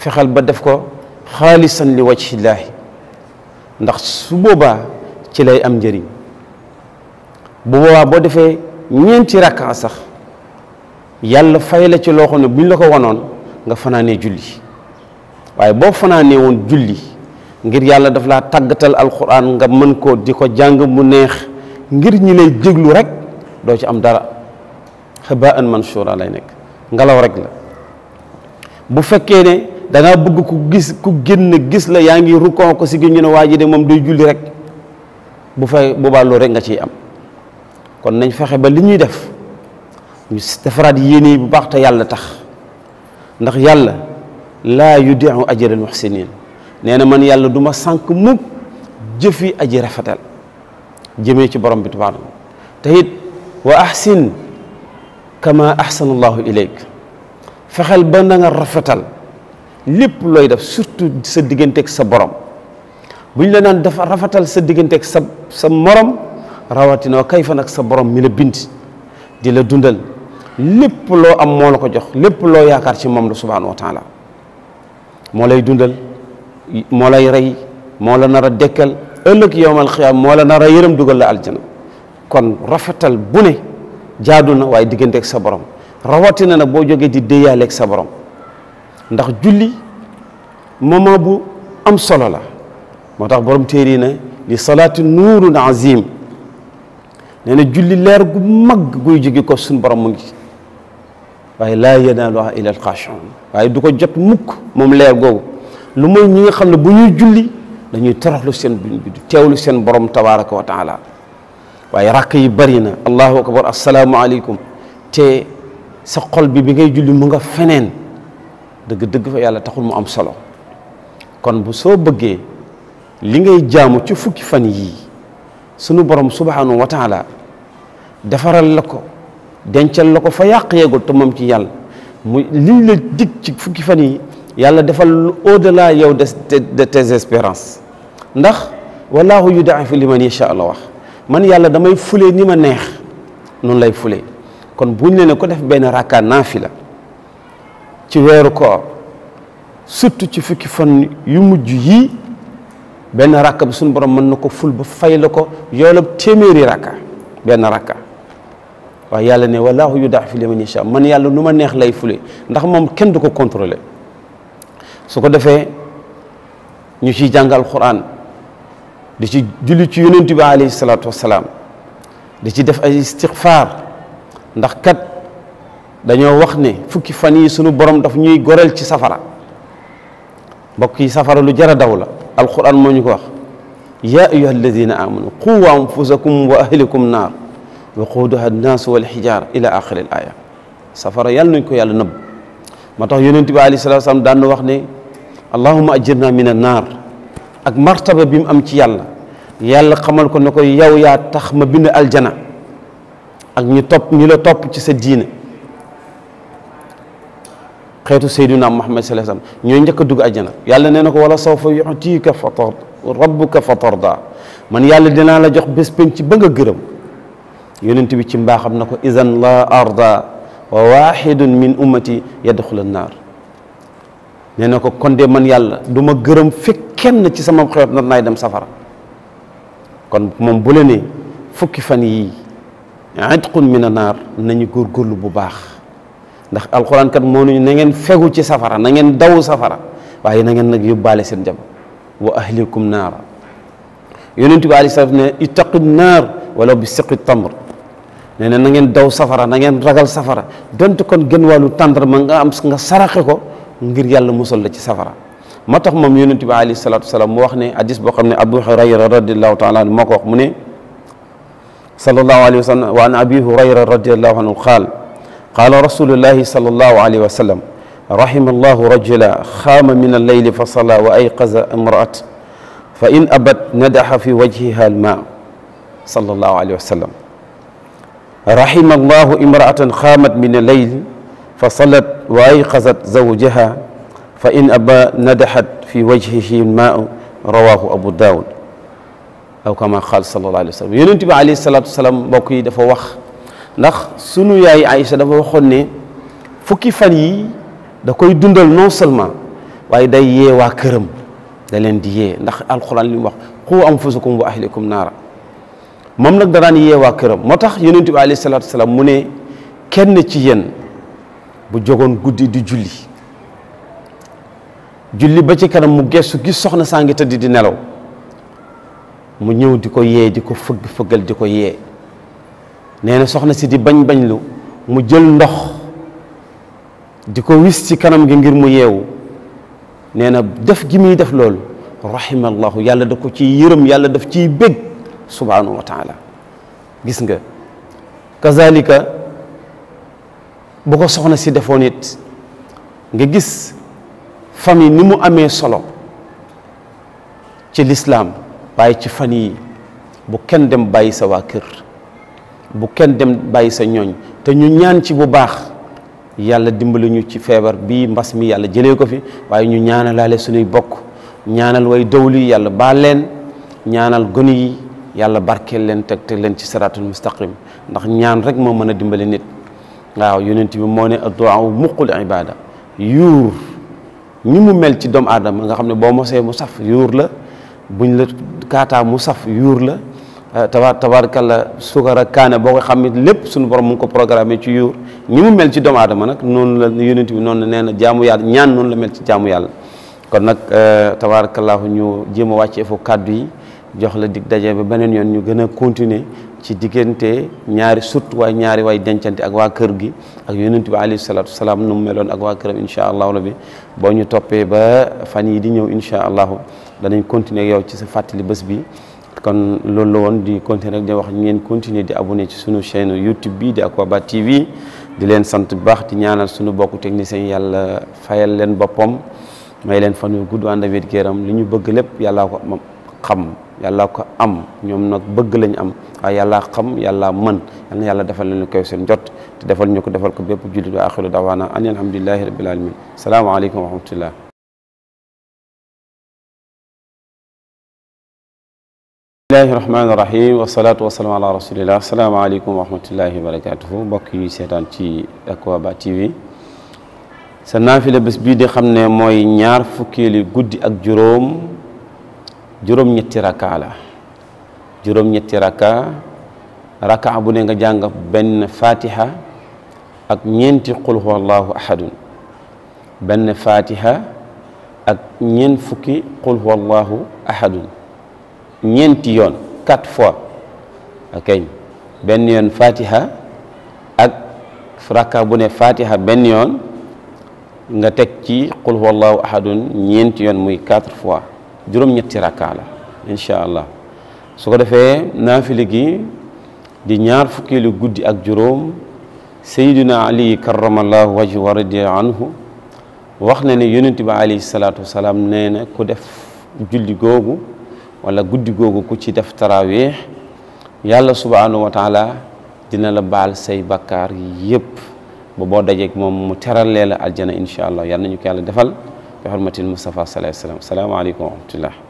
fexeel ba def ko xaalisan li wajhillaahi ndax su boobaa ci lay am njëriñ bu boobaa boo defee ñeenti rakka sax yàlla fay la ci loo xam ne bu la ko wanoon nga fanane julli waye bo fanane won julli ngir yàlla daf laa alquran nga man ko diko jàng mu neex ngir ñi lay deglu rek do ci am dara khabaan an lay nek ngalaw rek la bu fekke ne da ngaa bëgg ku gis ku génn gis la yaa ngi rukkoo ko si gi ñu ne waa ji de moom day julli rek bu fay boobaa loolu rek nga ciy am kon nañ fexe ba li ñuy def ñu defaraat yéene bu baax te yàlla tax ndax yàlla laa yudiu ajral muhsinin nee na man yàlla du ma sànq mukk jëfi aji rafetal jëmee ci borom bi tubaab te it wa ahsin kama ahsanallahu ilayk fexeel ba na nga rafetal lépp looy def surtout sa digganteeg sa borom bu ñu la naan dafa rafetal sa digganteeg sa sa morom rawatina kay fa nag sa borom mi la bind di la dundal lépp loo am moo la ko jox lépp loo yaakaar si moom la subhaanahu wa taala moo lay dundal moo lay rey moo la nar a dekkal ëllëg yowmal xiyaam moo la nar a yërëm dugal la aljana kon rafetal bu ne jaadu na waaye digganteeg sa borom rawatina nag boo jógee di déyaaleeg sa borom ndax julli moment bu am solo la motax borom téere ne li salatu nurun azim neena julli leer gu mag guy jigi ko sun borom mu ngi waaye la yanaaluha illa alxaashiun waaye du ko jot mukk mom leer gog lu moy ñi nga xamne bu ñuy julli dañuy toroxlu seen bi du teewlu seen borom tabaraka wa taala waaye rak yi bari na allahu akbar assalamu alaykum te sa xol bi bi ngay julli mu nga feneen dëgg dëgg fa yàlla taxul mu am solo kon bu soo bëggee li ngay jaamu ci fukki fan yi sunu borom subhanahu wa taala defaral lako ko dencal la fa yàq yegul to mom ci yàlla mu li la dig ci fukki fan yi yàlla defal au delà yow de tes espérances ndax wallahu yud'afu liman yasha Allah wax man yàlla damay fule ni ma neex noonu lay fule kon buñ leene ko def ben rakka nafila ci weeru koor surtout ci fukki fan yu mujj yii benn rakka bi suñu borom mën na ko ful ba fay la ko yoolab téeméeri rakka benn rakka waaye yàlla ne walaahu yudaafi ñi yashaa man yàlla nu ma neex lay fule ndax moom kenn du ko contrôler su ko defee ñu ciy jàngal Alxuraan di ci julli ci yonent bi alayhi salaatu wassalaam di ci def ay istixfaar ndax kat dañoo wax ne fukki fan yi sunu borom daf ñuy goreel ci safara mbokk yi safara lu jar a daw la alquran moo ñu ko wax ya ayuha alladina amanu qu anfusakum wa ahlikum nar wa quuduha wal hijara ila akhir al aya safara yal nuñ ko yàlla nëbb ma tax yonent bi alei salatu salaam daan wax ne allahuma ajirna min annaar ak martaba bi mu am ci yàlla yàlla xamal ko ne ko yow yaa tax ma bind aljana ak ñu topp ñu la topp ci sa diine خيتو سيدنا محمد صلى الله عليه وسلم نيو نك دوغ اجانا يالا نينكو ولا سوف يعطيك فطر ربك فطردا من يالا دينا لا جوخ بس بنت بيغا گرم يوننتي بي تي مباخم نكو اذا لا ارضى وواحد من امتي يدخل النار نينكو كوندي من يالا دوما گرم فك كين تي سما خيت نات ناي دم سفر كون موم بولني فكي فاني عتق من النار ناني گور گورلو بو باخ ndax alquran kat mo ñu na ngeen fegu ci safara na ngeen daw safara waye na ngeen nak yobale seen jabar wa ahlikum nar yonent bi alei salaam ne ittaqi naar walaw bi siqi tamr nee na ngeen daw safara na ngeen ragal safara dont kon gën walu tàndar ma nga am nga saraxe ko ngir yàlla musul la ci safara moo tax moom yonent bi alei salatu wasalaam wax ne hadis bo xamne abu hurayra radiallahu taala anu wax mu ne sallallahu alayhi wasallam wa an abi hurayra radiallahu anhu qaal قال رسول الله صلى الله عليه وسلم رحم الله رجلا خام من الليل فصلى وأيقظ امرأة فإن أبت ندح في وجهها الماء صلى الله عليه وسلم رحم الله امرأة خامت من الليل فصلت وأيقظت زوجها فإن أبى ندحت في وجهه الماء رواه أبو داود او كما قال صلى الله عليه وسلم yonent عليه الصلاه والسلام بوكي دا فا yi ndax sunu yaay ay Aïcha dafa waxoon ne fukki fan yi da koy dundal non seulement waaye day yee waa këram da leen di yee ndax alxuraan li mu wax qu anfusakum wa ahlikum naara moom nag da daan yee waa këram moo tax yonent bi alayhi salaatu wasalaam mu ne kenn ci yéen bu jogoon guddi di julli julli ba ci kanam mu gestu gis soxna saa ngi tëdd di nelaw mu ñëw di ko yee di ko fëgg fëggal di ko yee neena soxna si di bagn bañ lu mu jël ndox diko wiss ci kanam gi ngir mu yew neena def gi mi def loolu rahimallahu yàlla da ko ci yeureum yàlla daf ci bég subhanahu wa taala gis nga kazalika bu ko soxna si defoon it nga gis fami ni mu amé solo ci l'islam baye ci fani bu ken dem baye sa waa kër bu kenn dem bàyyi sa ñooñ te ñu ñaan ci bu baax yàlla dimbali ñu ci feebar bii mbas mi yàlla jëlee ko fi waaye ñu ñaanalaale suñuy bokk ñaanal way dawli yàlla baal leen ñaanal gone yi yàlla barkeel leen teg teg leen ci siraatul mustaqim ndax ñaan rek moo mën a dimbali nit waaw yonent bi moo ne addu'a muqul ibada yuur ñi mu mel ci doomu aadama nga xam ne boo mosee mu saf yuur la buñ la kaataa mu saf yuur la tabaar tabaarkalla sukara kaane boo ko xam ne lépp suñu borom mu ngi ko programmé ci yuur ñi mu mel ci doomu aadama nag noonu la yonent bi noonu nee na jaamu yàlla ñaan noonu la mel ci jaamu yàlla kon nag tabaarkallaahu ñu jéem a wàccee foofu kàddu yi jox la dig daje ba beneen yoon ñu gën a continuer ci diggante ñaari sut waay ñaari waay dencante ak waa kër gi ak yonent bi alayhi salaatu salaam nu mu meloon ak waa këram incha allahu rabbi boo ñu toppee ba fan yi di ñëw incha allahu danañ continuer yow ci sa fàttali bés bi kon loolu la woon di continuer rek di wax ngeen continuer di abonné ci sunu chaîne YouTube bi di Aquabat TV di leen sant bu baax di ñaanal sunu bokku technicien yàlla fayal leen boppam may leen fan yu gudd ànd ak wér gu li ñu bëgg lépp yàllaa ko xam yàllaa ko am ñoom nag bëgg lañ am waaye yàllaa xam yàllaa mën yal na defal leen koy seen jot defal ñu ko defal ko bépp jullit wa axiru dawaana ani alhamdulillahi rabbil alamin salaamaaleykum wa rahmatullah بسم الله الرحمن الرحيم والصلاة والسلام على رسول الله السلام عليكم ورحمة الله وبركاته بكي سيدان تي أكوا با تي في سنة في لبس بيدي خمنا موي نيار فكي لي قد أك جروم جروم نيتي ركا لا جروم نيتي ركا ركا عبو نيغا جانغ بن فاتحة أك نينتي قل هو الله أحد بن فاتحة أك نين فكي قل هو الله أحد أك نين فكي قل هو الله أحد ñeenti yoon quatre fois akay benn yoon fatiha ak rakka bu ne fatiha benn yoon nga teg ci qul huwallahu ahadun ñeenti yoon muy quatre fois juróom-ñetti rakka la incha allah su ko defee naafili gi di ñaar fukkeelu guddi ak juróom sayyiduna ali karramallahu wajhu wa radiya anhu wax na ne yonent bi alayhi salaatu wasalaam nee na ku def julli googu ولا غدي غوغو كو سي داف تراويح يالله سبحانه وتعالى دينا لا بال سي بكار ييب بو داجيك موم مو تيرال الجنه ان شاء الله يالنا نيو كيالله دافال بحرمه المصطفى صلى الله عليه وسلم السلام عليكم ورحمه الله